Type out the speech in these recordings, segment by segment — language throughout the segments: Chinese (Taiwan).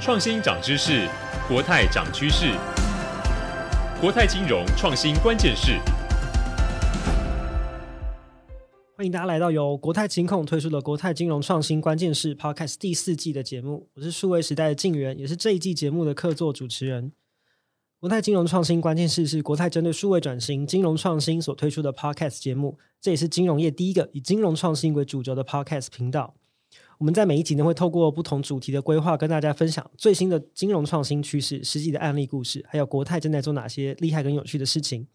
創新漲知識，國泰漲趨勢。國泰金融創新關鍵勢：歡迎大家來到由國泰金控推出的《國泰金融創新關鍵勢》Podcast 第四季的節目。我是數位時代的敬原，也是這一季節目的客座主持人。國泰金融創新關鍵勢：是國泰針對數位轉型、金融創新所推出的 Podcast 節目，這也是金融業第一個以金融創新為主軸的 Podcast 頻道。我們在每一集呢，會透過不同主題的規劃，跟大家分享最新的金融創新趨勢、實際的案例故事，還有國泰正在做哪些厲害跟有趣的事情。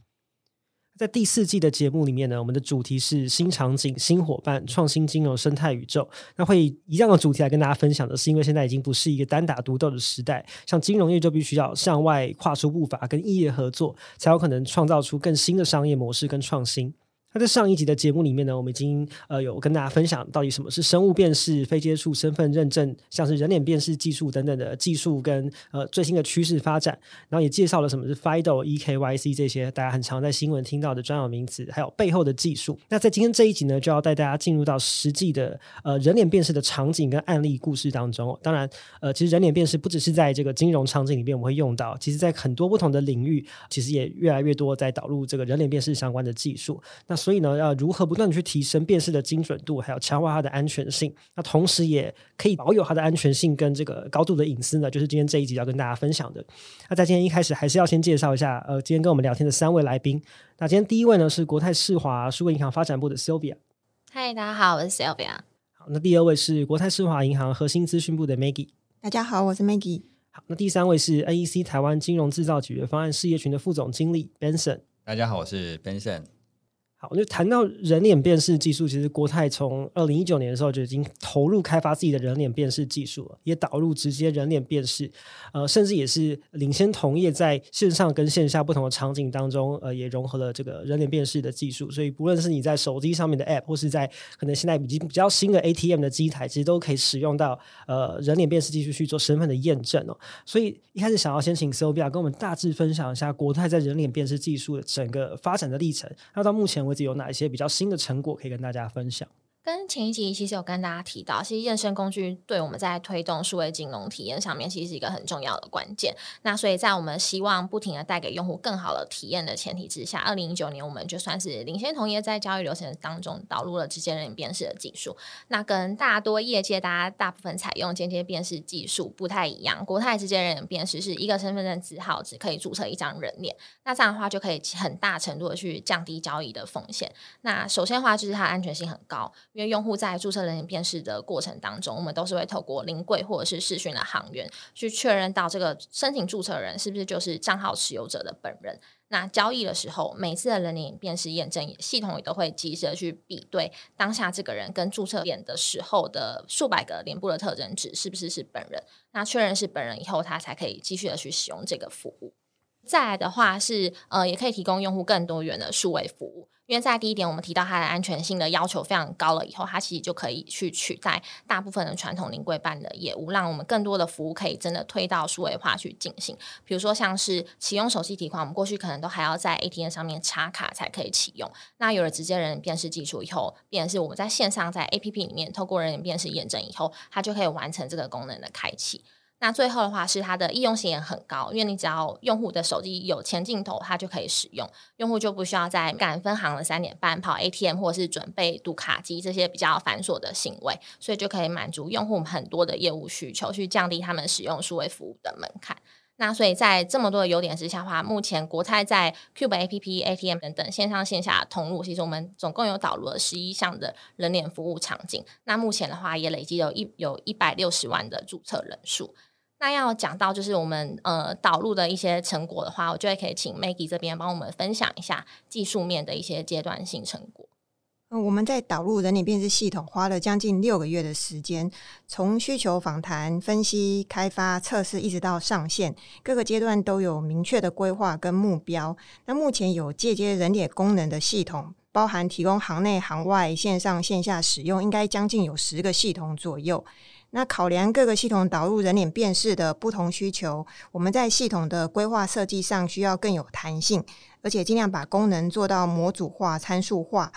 在第四季的節目裡面呢，我們的主題是新場景、新夥伴、創新金融生態宇宙。那會以一樣的主題來跟大家分享的是，因為現在已經不是一個單打獨鬥的時代，像金融業就必須要向外跨出步伐，跟異業合作，才有可能創造出更新的商業模式跟創新。那在上一集的節目裡面呢，我們已經呃有跟大家分享到底什麼是生物辨識、非接觸身份認證，像是人臉辨識技術等等的技術跟呃最新的趨勢發展，然後也介紹了什麼是 FIDO、EKYC 這些大家很常在新聞聽到的專有名詞，還有背後的技術。那在今天這一集呢，就要帶大家進入到實際的呃人臉辨識的場景跟案例故事當中。當然，呃，其實人臉辨識不只是在這個金融場景裡面我們會用到，其實在很多不同的領域，其實也越來越多在導入這個人臉辨識相關的技術。那所以呢，要，呃，如何不斷的去提升辨識的精準度，還有強化它的安全性？那同時也可以保有它的安全性跟這個高度的隱私呢？就是今天這一集要跟大家分享的。那在今天一開始，還是要先介紹一下，呃，今天跟我們聊天的三位來賓。那今天第一位呢是國泰世華數位銀行發展部的 Sylvia。嗨、Hey，大家好，我是 Sylvia。好，那第二位是國泰世華銀行核心資訊部的 Magi。大家好，我是 Magi。好，那第三位是 NEC 台灣金融製造解決方案事業群的副總經理 Benson。大家好，我是 Benson。好，那談到人臉辨識技術，其實國泰從二零一九年的時候就已經投入開發自己的人臉辨識技術了，也導入直接人臉辨識，呃，甚至也是領先同業在線上跟線下不同的場景當中，呃，也融合了這個人臉辨識的技術。所以，不論是你在手機上面的 App，或是在可能現在已經比較新的 ATM 的機台，其實都可以使用到呃人臉辨識技術去做身份的驗證哦。所以一開始想要先請 Sylvia 跟我們大致分享一下國泰在人臉辨識技術的整個發展的歷程。那到目前為止。自己有哪一些比較新的成果可以跟大家分享？跟前一集其實有跟大家提到，其實驗身工具對我們在推動數位金融體驗上面其實是一個很重要的關鍵。那所以在我們希望不停的帶給用戶更好的體驗的前提之下，二零一九年我們就算是領先同業在交易流程當中導入了直接人臉辨識的技術。那跟大多業界大家大部分採用間接辨識技術不太一樣，國泰直接人臉辨識是一個身份證字號只可以註冊一張人臉。那這樣的話就可以很大程度的去降低交易的風險。那首先的話就是它安全性很高。因為用戶在注冊人臉辨識的過程當中，我們都是會透過臨櫃或者是視訊的行員去確認到這個申請注冊人是不是就是賬號持有者的本人。那交易的時候，每次的人臉辨識驗證系統也都會即時的去比對當下這個人跟註冊臉的時候的數百個臉部的特徵值是不是是本人。那確認是本人以後，他才可以繼續的去使用這個服務。再來的話是，呃，也可以提供用戶更多元的數位服務。因為在第一點，我們提到它的安全性的要求非常高了以後，它其實就可以去取代大部分的傳統臨櫃辦的業務，讓我們更多的服務可以真的推到數位化去進行。比如說，像是啟用手機提款，我們過去可能都還要在 ATM 上面插卡才可以啟用。那有了直接人臉辨識技術以後，便是我們在線上在 APP 裡面透過人臉辨識驗證以後，它就可以完成這個功能的開啟。那最後的話是它的易用性也很高，因為你只要用戶的手機有前鏡頭，它就可以使用，用戶就不需要再趕分行的三點半跑 ATM 或是準備讀卡機這些比較繁瑣的行為，所以就可以滿足用戶很多的業務需求，去降低他們使用數位服務的門檻。那所以在這麼多的優點之下的話，目前國泰在 Cube APP、ATM 等等線上線下通路，其實我們總共有導入了十一項的人臉服務場景。那目前的話，也累計有一有一百六十萬的注冊人數。那要講到就是我們呃導入的一些成果的話，我覺得可以請 Magi 這邊幫我們分享一下技術面的一些階段性成果。我們在導入人臉辨識系統花了將近六個月的時間，從需求訪談、分析、開發、測試，一直到上線，各個階段都有明確的規劃跟目標。那目前有介接人臉功能的系統，包含提供行內、行外、線上、線下使用，應該將近有十個系統左右。那考量各個系統導入人臉辨識的不同需求，我們在系統的規劃設計上需要更有彈性，而且儘量把功能做到模組化、參數化。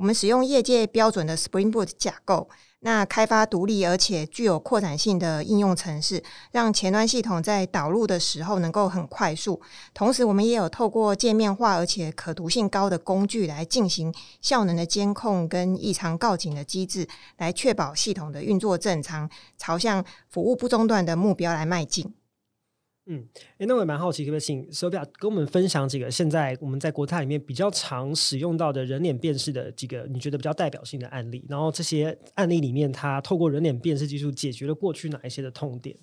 我們使用業界標準的 Spring Boot 架構，那開發獨立而且具有擴展性的應用程式，讓前端系統在導入的時候能夠很快速。同時，我們也有透過界面化，而且可讀性高的工具來進行效能的監控跟異常告警的機制，來確保系統的運作正常，朝向服務不中斷的目標來邁進。嗯，哎，那我也蠻好奇，可不可以請 Sylvia 跟我們分享幾個現在我們在國泰裡面比較常使用到的人臉辨識的幾個你覺得比較代表性的案例？然後這些案例裡面，它透過人臉辨識技術解決了過去哪一些的痛點？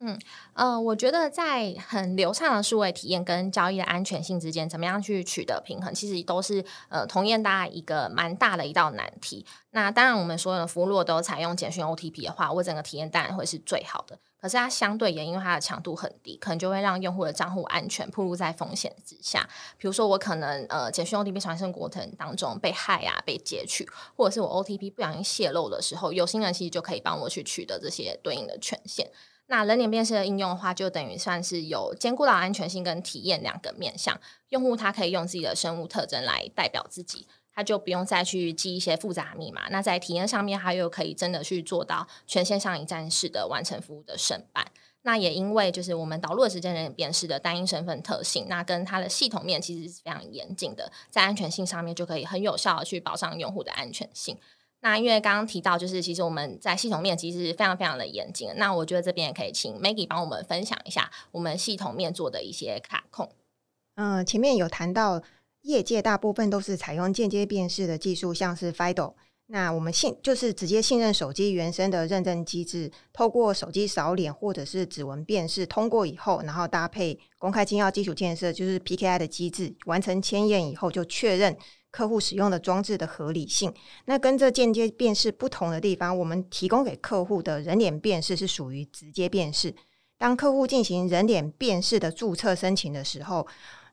嗯，呃，我覺得在很流暢的數位體驗跟交易的安全性之間，怎麼樣去取得平衡，其實都是呃同業大家一個蠻大的一道難題。那當然，我們所有的服務如果都採用簡訊 OTP 的話，我整個體驗當然會是最好的。可是它相對也因為它的強度很低，可能就會讓用戶的賬戶安全暴露在風險之下。比如說我可能呃，簡訊 OTP 傳生過程當中被害啊，被截取，或者是我 OTP 不小心泄露的時候，有心人其實就可以幫我去取得這些對應的權限。那人臉辨識的應用的話，就等於算是有兼顧到安全性跟體驗兩個面向，用戶他可以用自己的生物特徵來代表自己。那就不用再去記一些複雜密碼。那在體驗上面，它又可以真的去做到全線上一站式的完成服務的申辦。那也因為就是我們導入的直接人臉辨識的單一身份特性，那跟它的系統面其實是非常嚴謹的，在安全性上面就可以很有效的去保障用戶的安全性。那因為剛剛提到，就是其實我們在系統面其實是非常非常的嚴謹。那我覺得這邊也可以請 Magi 幫我們分享一下我們系統面做的一些卡控。嗯，前面有談到。業界大部分都是採用間接辨識的技術，像是 FIDO。那我們信就是直接信任手機原生的認證機制，透過手機掃臉或者是指紋辨識通過以後，然後搭配公開金鑰基礎建設，就是 PKI 的機制，完成簽驗以後就確認客戶使用的裝置的合理性。那跟着間接辨識不同的地方，我們提供給客戶的人臉辨識是屬於直接辨識。當客戶進行人臉辨識的註冊申請的時候，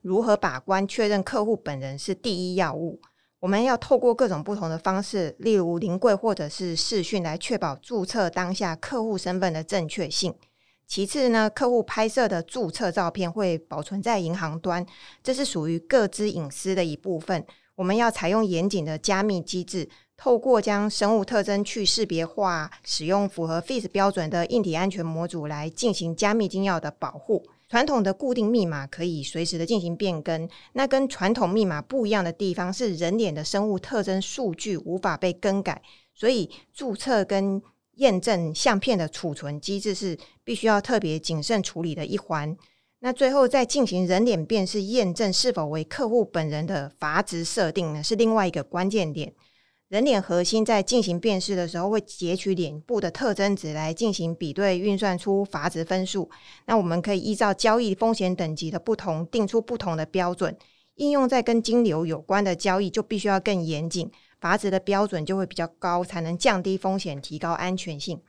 如何把關確認客戶本人是第一要務，我們要透過各種不同的方式，例如臨櫃或者是視訊來確保註冊當下客戶身份的正確性。其次呢，客戶拍攝的註冊照片會保存在銀行端，這是屬於個資隱私的一部分。我們要採用嚴謹的加密機制，透過將生物特徵去識別化，使用符合 FIPS 標準的硬體安全模組來進行加密金鑰的保護。傳統的固定密碼可以隨時的進行變更，那跟傳統密碼不一樣的地方是人臉的生物特徵數據無法被更改，所以注冊跟驗證相片的儲存機制是必須要特別謹慎處理的一環。那最後再進行人臉辨識驗證是否為客戶本人的閾值設定呢，是另外一個關鍵點。人臉核心在進行辨識的時候，會截取臉部的特徵值來進行比對運算，出閥值分數。那我們可以依照交易風險等級的不同，定出不同的標準。應用在跟金流有關的交易，就必須要更嚴謹，閥值的標準就會比較高，才能降低風險，提高安全性。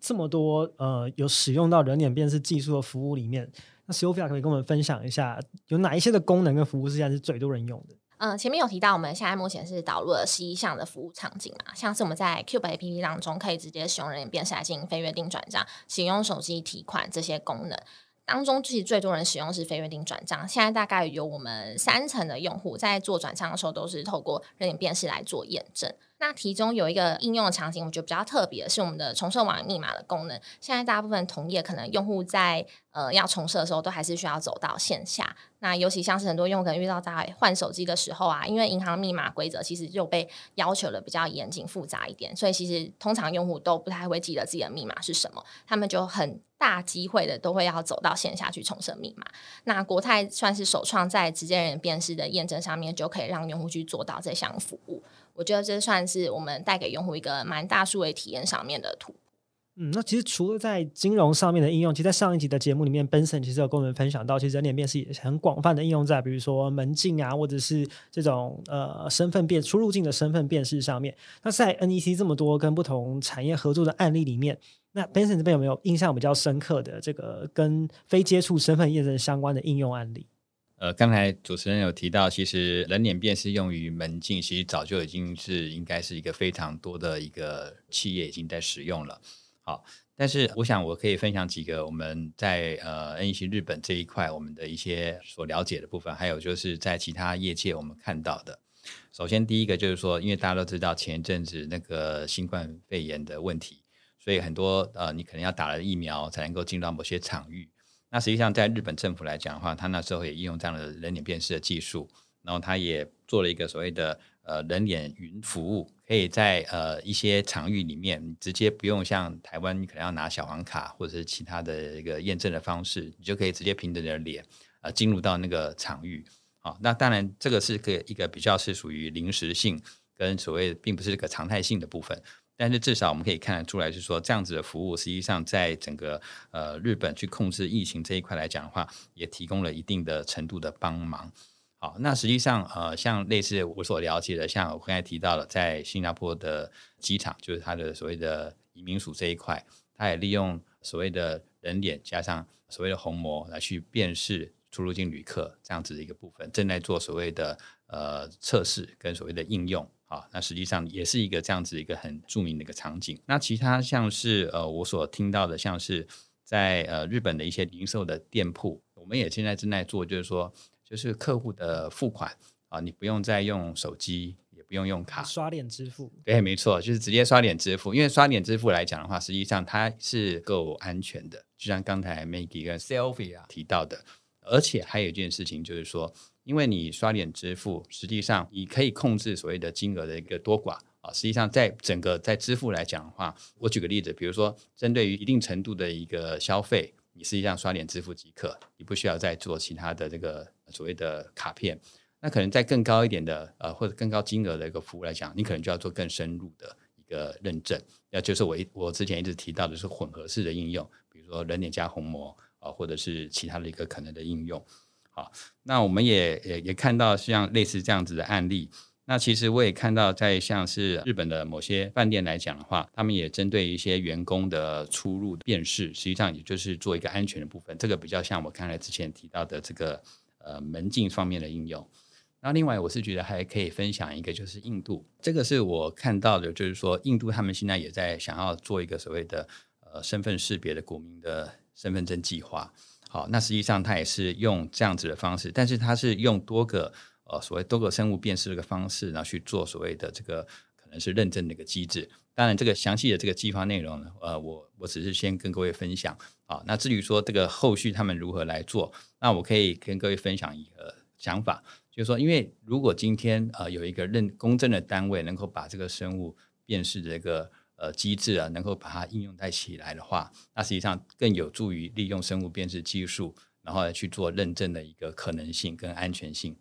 這麼多呃，有使用到人臉辨識技術的服務裡面，那 Sylvia 可以跟我們分享一下，有哪一些的功能跟服務是現在是最多人用的？嗯，前面有提到，我們現在目前是導入了十一項的服務場景嘛，像是我們在 Cube A P P 當中可以直接使用人臉辨識來進行非約定轉賬、使用手機提款這些功能。當中其實最多人使用是非約定轉賬，現在大概有我們三成的用戶在做轉賬的時候都是透過人臉辨識來做驗證。那其中有一個應用的場景，我覺得比較特別的是我們的重設網銀密碼的功能。現在大部分同業可能用戶在呃要重設的時候，都還是需要走到線下。那尤其像是很多用戶可能遇到在換手機的時候啊，因為銀行密碼規則其實就被要求的比較嚴謹複雜一點，所以其實通常用戶都不太會記得自己的密碼是什麼，他們就很大機會的都會要走到線下去重設密碼。那國泰算是首創在直接人辨識的驗證上面，就可以讓用戶去做到這項服務。我覺得這算是我們帶給用戶一個蠻大數位體驗上面的圖。嗯，那其實除了在金融上面的應用，其實，在上一集的節目裡面，Benson 其實有跟我們分享到，其實人臉辨識也很廣泛的應用在，比如說門禁啊，或者是這種呃身份辨出入境的身份辨識上面。那在 NEC 這麼多跟不同產業合作的案例裡面，那 Benson 這邊有沒有印象比較深刻的這個跟非接觸身份驗證相關的應用案例？呃，剛才主持人有提到，其實人臉辨識用於門禁，其實早就已經是應該是一個非常多的一個企業已經在使用了。好，但是我想我可以分享幾個我們在呃 NEC 日本這一塊我們的一些所了解的部分，還有就是在其他業界我們看到的。首先，第一個就是說，因為大家都知道前一陣子那個新冠肺炎的問題，所以很多呃，你可能要打了疫苗才能夠進到某些場域。那實際上，在日本政府來講的話，他那時候也應用這樣的人臉辨識的技術，然後他也做了一個所謂的呃人臉雲服務，可以在呃一些場域裡面直接不用像台灣你可能要拿小黃卡或者是其他的一個驗證的方式，你就可以直接憑着你的臉啊進入到那個場域啊。好，那當然，這個是個一個比較是屬於臨時性跟所謂並不是一個常態性的部分。但是至少我們可以看得出來，就是說這樣子的服務，實際上在整個呃日本去控制疫情這一塊來講的話，也提供了一定的程度的幫忙。好，那實際上呃，像類似我所了解的，像我剛才提到了，在新加坡的機場，就是它的所謂的移民署這一塊，它也利用所謂的人臉加上所謂的虹膜來去辨識出入境旅客這樣子的一個部分，正在做所謂的呃測試跟所謂的應用。啊，那實際上也是一個這樣子一個很著名的一個場景。那其他像是呃，我所聽到的，像是在呃日本的一些零售的店鋪，我們也現在正在做，就是說，就是客戶的付款啊、呃，你不用再用手機，也不用用卡，刷臉支付。對，沒錯，就是直接刷臉支付。因為刷臉支付來講的話，實際上它是夠安全的，就像剛才 Magi 跟 Sylvia 提到的。而且還有一件事情，就是說。因為你刷臉支付，實際上你可以控制所謂的金額的一個多寡啊。實際上，在整個在支付來講的話，我舉個例子，比如說針對於一定程度的一個消費，你實際上刷臉支付即可，你不需要再做其他的這個所謂的卡片。那可能在更高一點的呃或者更高金額的一個服務來講，你可能就要做更深入的一個認證。那就是我我之前一直提到的是混合式的應用，比如說人臉加虹膜啊，或者是其他的一個可能的應用。好，那我們也也也看到像類似這樣子的案例。那其實我也看到，在像是日本的某些飯店來講的話，他們也針對一些員工的出入辨識，實際上也就是做一個安全的部分。這個比較像我剛才之前提到的這個呃門禁方面的應用。那另外，我是覺得還可以分享一個，就是印度。這個是我看到的，就是說印度他們現在也在想要做一個所謂的呃身份識別的國民的身份證計劃。好，那實際上它也是用這樣子的方式，但是它是用多個呃所謂多個生物辨識這個方式，然後去做所謂的這個可能是認證的一個機制。當然，這個詳細的這個計劃內容呢，呃，我我只是先跟各位分享。好，那至於說這個後續他們如何來做，那我可以跟各位分享一個想法，就是說，因為如果今天呃有一個認公正的單位能夠把這個生物辨識這個。呃，機制啊，能夠把它應用在起來的話，那實際上更有助於利用生物辨識技術，然後來去做認證的一個可能性跟安全性。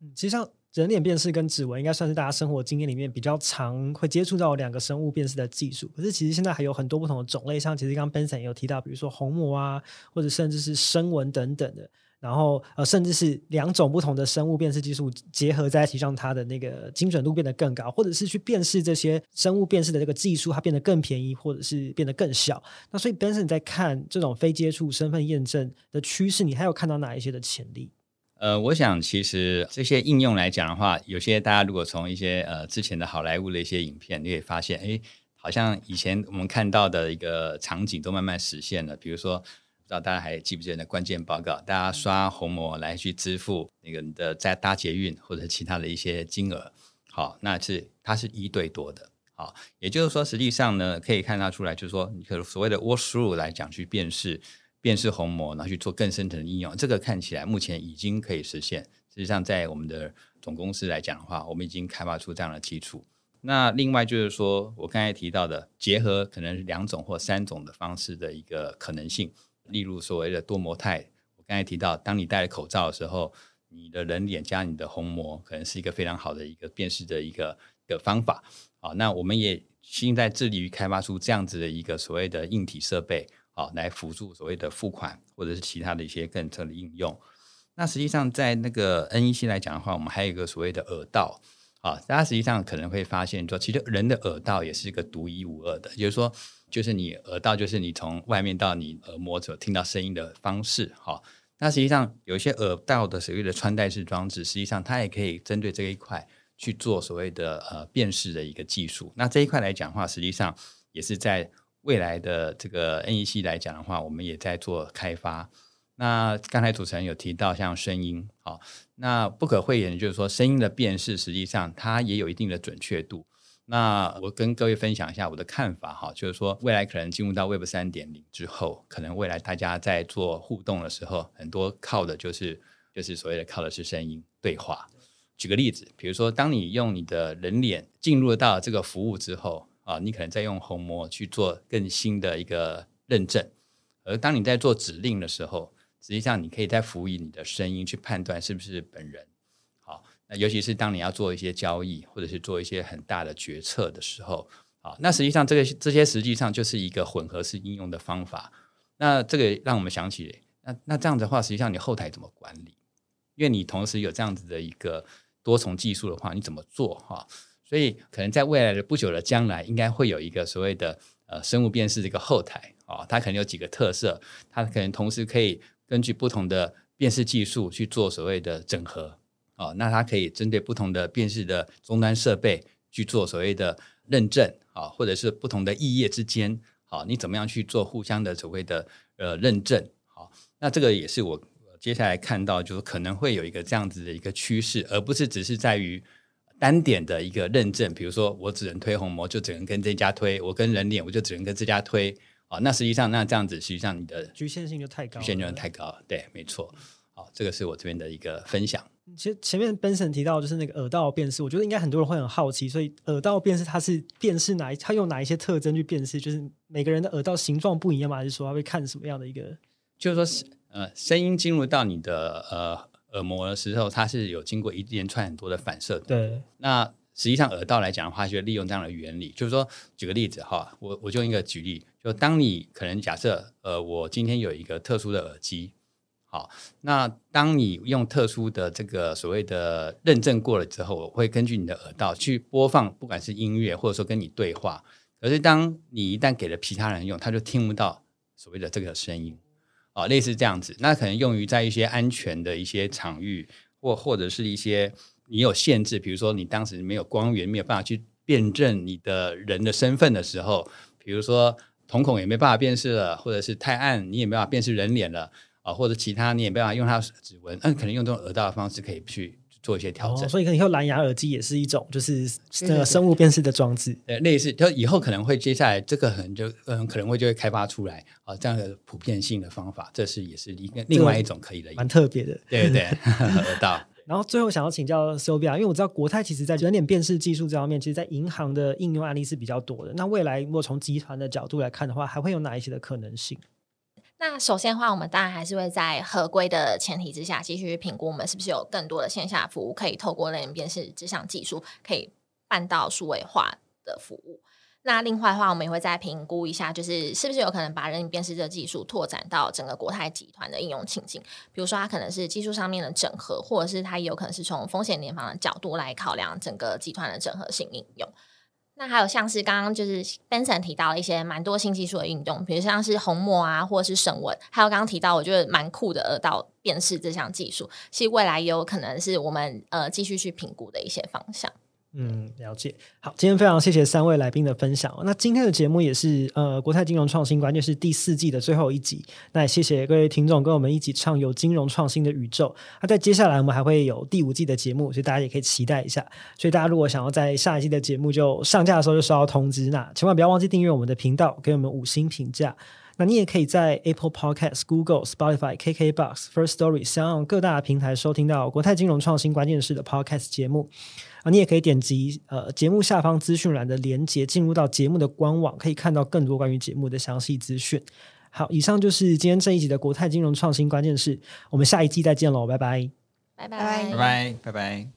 嗯，其實像人臉辨識跟指紋應該算是大家生活經驗裡面比較常會接觸到兩個生物辨識的技術。可是，其實現在還有很多不同的種類，像其實剛剛 Benson 也有提到，比如說虹膜啊，或者甚至是聲紋等等的。然後呃，甚至是兩種不同的生物辨識技術結合在一起，讓它的那個精準度變得更高，或者是去辨識這些生物辨識的這個技術，它變得更便宜，或者是變得更小。那所以，Benson 在看這種非接觸身份驗證的趨勢，你還有看到哪一些的潛力？呃，我想其實這些應用來講的話，有些大家如果從一些呃之前的好萊塢的一些影片，你可以發現，誒，好像以前我們看到的一個場景都慢慢實現了，比如說，不知道大家還記不記得那關鍵報告？大家刷虹膜來去支付，那個你的在搭捷運或者其他的一些金額，好，那是它是一對多的，好，也就是說，實際上呢，可以看得出來，就是說，你可能所謂的 walk through 來講去辨識，辨識虹膜，然後去做更深層的應用，這個看起來目前已經可以實現。實際上，在我們的總公司來講的話，我們已經開發出這樣的基礎。那另外就是說我剛才提到的，結合可能是兩種或三種的方式的一個可能性。例如所謂的多模態，我剛才提到，當你戴了口罩的時候，你的人臉加你的虹膜，可能是一個非常好的一個辨識的一個的方法。啊，那我們也現在致力於開發出這樣子的一個所謂的硬體設備，啊，來輔助所謂的付款或者是其他的一些更特別的應用。那實際上在那個 NEC 來講的話，我們還有一個所謂的耳道。啊、哦，大家實際上可能會發現說，其實人的耳道也是一個獨一無二的，也就是說，就是你耳道，就是你從外面到你耳膜所聽到聲音的方式。哈、哦，那實際上有一些耳道的所謂的穿戴式裝置，實際上它也可以針對這一塊去做所謂的呃辨識的一個技術。那這一塊來講的話，實際上也是在未來的這個 NEC 來講的話，我們也在做開發。那剛才主持人有提到像聲音，好，那不可諱言，就是說聲音的辨識，實際上它也有一定的準確度。那我跟各位分享一下我的看法，哈，就是說未來可能進入到 Web 三點零之後，可能未來大家在做互動的時候，很多靠的就是就是所謂的靠的是聲音對話對。舉個例子，比如說當你用你的人臉進入到這個服務之後，啊，你可能在用虹膜去做更新的一個認證，而當你在做指令的時候。實際上，你可以再輔以你的聲音去判斷是不是本人。好，那尤其是當你要做一些交易，或者是做一些很大的決策的時候，好，那實際上這個這些實際上就是一個混合式應用的方法。那這個讓我們想起，那那這樣的話，實際上你後台怎麼管理？因為你同時有這樣子的一個多重技術的話，你怎麼做哈？所以可能在未來的不久的將來，應該會有一個所謂的呃生物辨識的一個後台啊、哦，它可能有幾個特色，它可能同時可以。根據不同的辨識技術去做所謂的整合，哦，那它可以針對不同的辨識的終端設備去做所謂的認證，啊，或者是不同的異業之間，啊，你怎麼樣去做互相的所謂的呃認證，啊，那這個也是我接下來看到就是可能會有一個這樣子的一個趨勢，而不是只是在於單點的一個認證，比如說我只能推虹膜，就只能跟這家推；我跟人臉，我就只能跟這家推。哦，那實際上，那這樣子，實際上你的局限性就太高，局限性就太高，就太高。對，沒錯。好，這個是我這邊的一個分享。其實前面 Benson 提到的就是那個耳道辨識，我覺得應該很多人會很好奇，所以耳道辨識它是辨識哪一，它用哪一些特徵去辨識？就是每個人的耳道形狀不一樣嘛，還是說它會看什麼樣的一個？就是，是、就是、是說，是呃，聲音進入到你的呃耳膜的時候，它是有經過一連串很多的反射。對，那。實際上，耳道來講的話，就利用這樣的原理，就是說，舉個例子哈，我我就用一個舉例，就當你可能假設，呃，我今天有一個特殊的耳機，好，那當你用特殊的這個所謂的認證過了之後，我會根據你的耳道去播放，不管是音樂或者說跟你對話，可是當你一旦給了其他人用，他就聽不到所謂的這個聲音，啊、哦，類似這樣子，那可能用於在一些安全的一些場域，或或者是一些。你有限制，比如說你當時沒有光源，沒有辦法去辨認你的人的身份的時候，比如說瞳孔也沒辦法辨識了，或者是太暗，你也沒辦法辨識人臉了啊，或者其他你也沒辦法用它指紋，那、啊、可能用這種耳道的方式可以去做一些調整、哦。所以可能以後藍牙耳機也是一種就是呃生物辨識的裝置，呃，類似就以後可能會接下來這個可能就嗯可能會就會開發出來啊這樣的普遍性的方法，這是也是一個另，另外一種可以的，蠻特別的，對對對，耳 道。然後最後想要請教 Sylvia，因為我知道國泰其實在人臉辨識技術這方面，其實在銀行的應用案例是比較多的。那未來如果從集團的角度來看的話，還會有哪一些的可能性？那首先的話，我們當然還是會，在合規的前提之下，繼續評估我們是不是有更多的線下服務可以透過人臉辨識這項技術，可以辦到數位化的服務。那另外的話，我們也會再評估一下，就是是不是有可能把人臉辨識的技術拓展到整個國泰集團的應用情境，比如說它可能是技術上面的整合，或者是它也有可能是從風險聯防的角度來考量整個集團的整合性應用。那還有像是剛剛就是 Benson 提到了一些蠻多新技術的運用，比如像是虹膜啊，或者是聲紋。還有剛剛提到我覺得蠻酷的耳道辨識這項技術，其實未來也有可能是我們呃繼續去評估的一些方向。嗯，了解。好，今天非常謝謝三位來賓的分享。那今天的節目也是呃，國泰金融創新關鍵勢第四季的最後一集。那也謝謝各位聽眾跟我們一起暢遊金融創新的宇宙。那在、啊、接下來我們還會有第五季的節目，所以大家也可以期待一下。所以大家如果想要在下一季的節目就上架的時候就收到通知，那千萬不要忘記訂閱我們的頻道，給我們五星評價。那你也可以在 Apple Podcast、Google、Spotify、KK Box、First Story 等各大平台收聽到國泰金融創新關鍵勢的 Podcast 節目。你也可以點擊呃節目下方資訊欄的連接，進入到節目的官網，可以看到更多關於節目的詳細資訊。好，以上就是今天這一集的國泰金融創新關鍵勢，我們下一季再見嘍，拜拜，拜拜拜拜拜。Bye bye, bye bye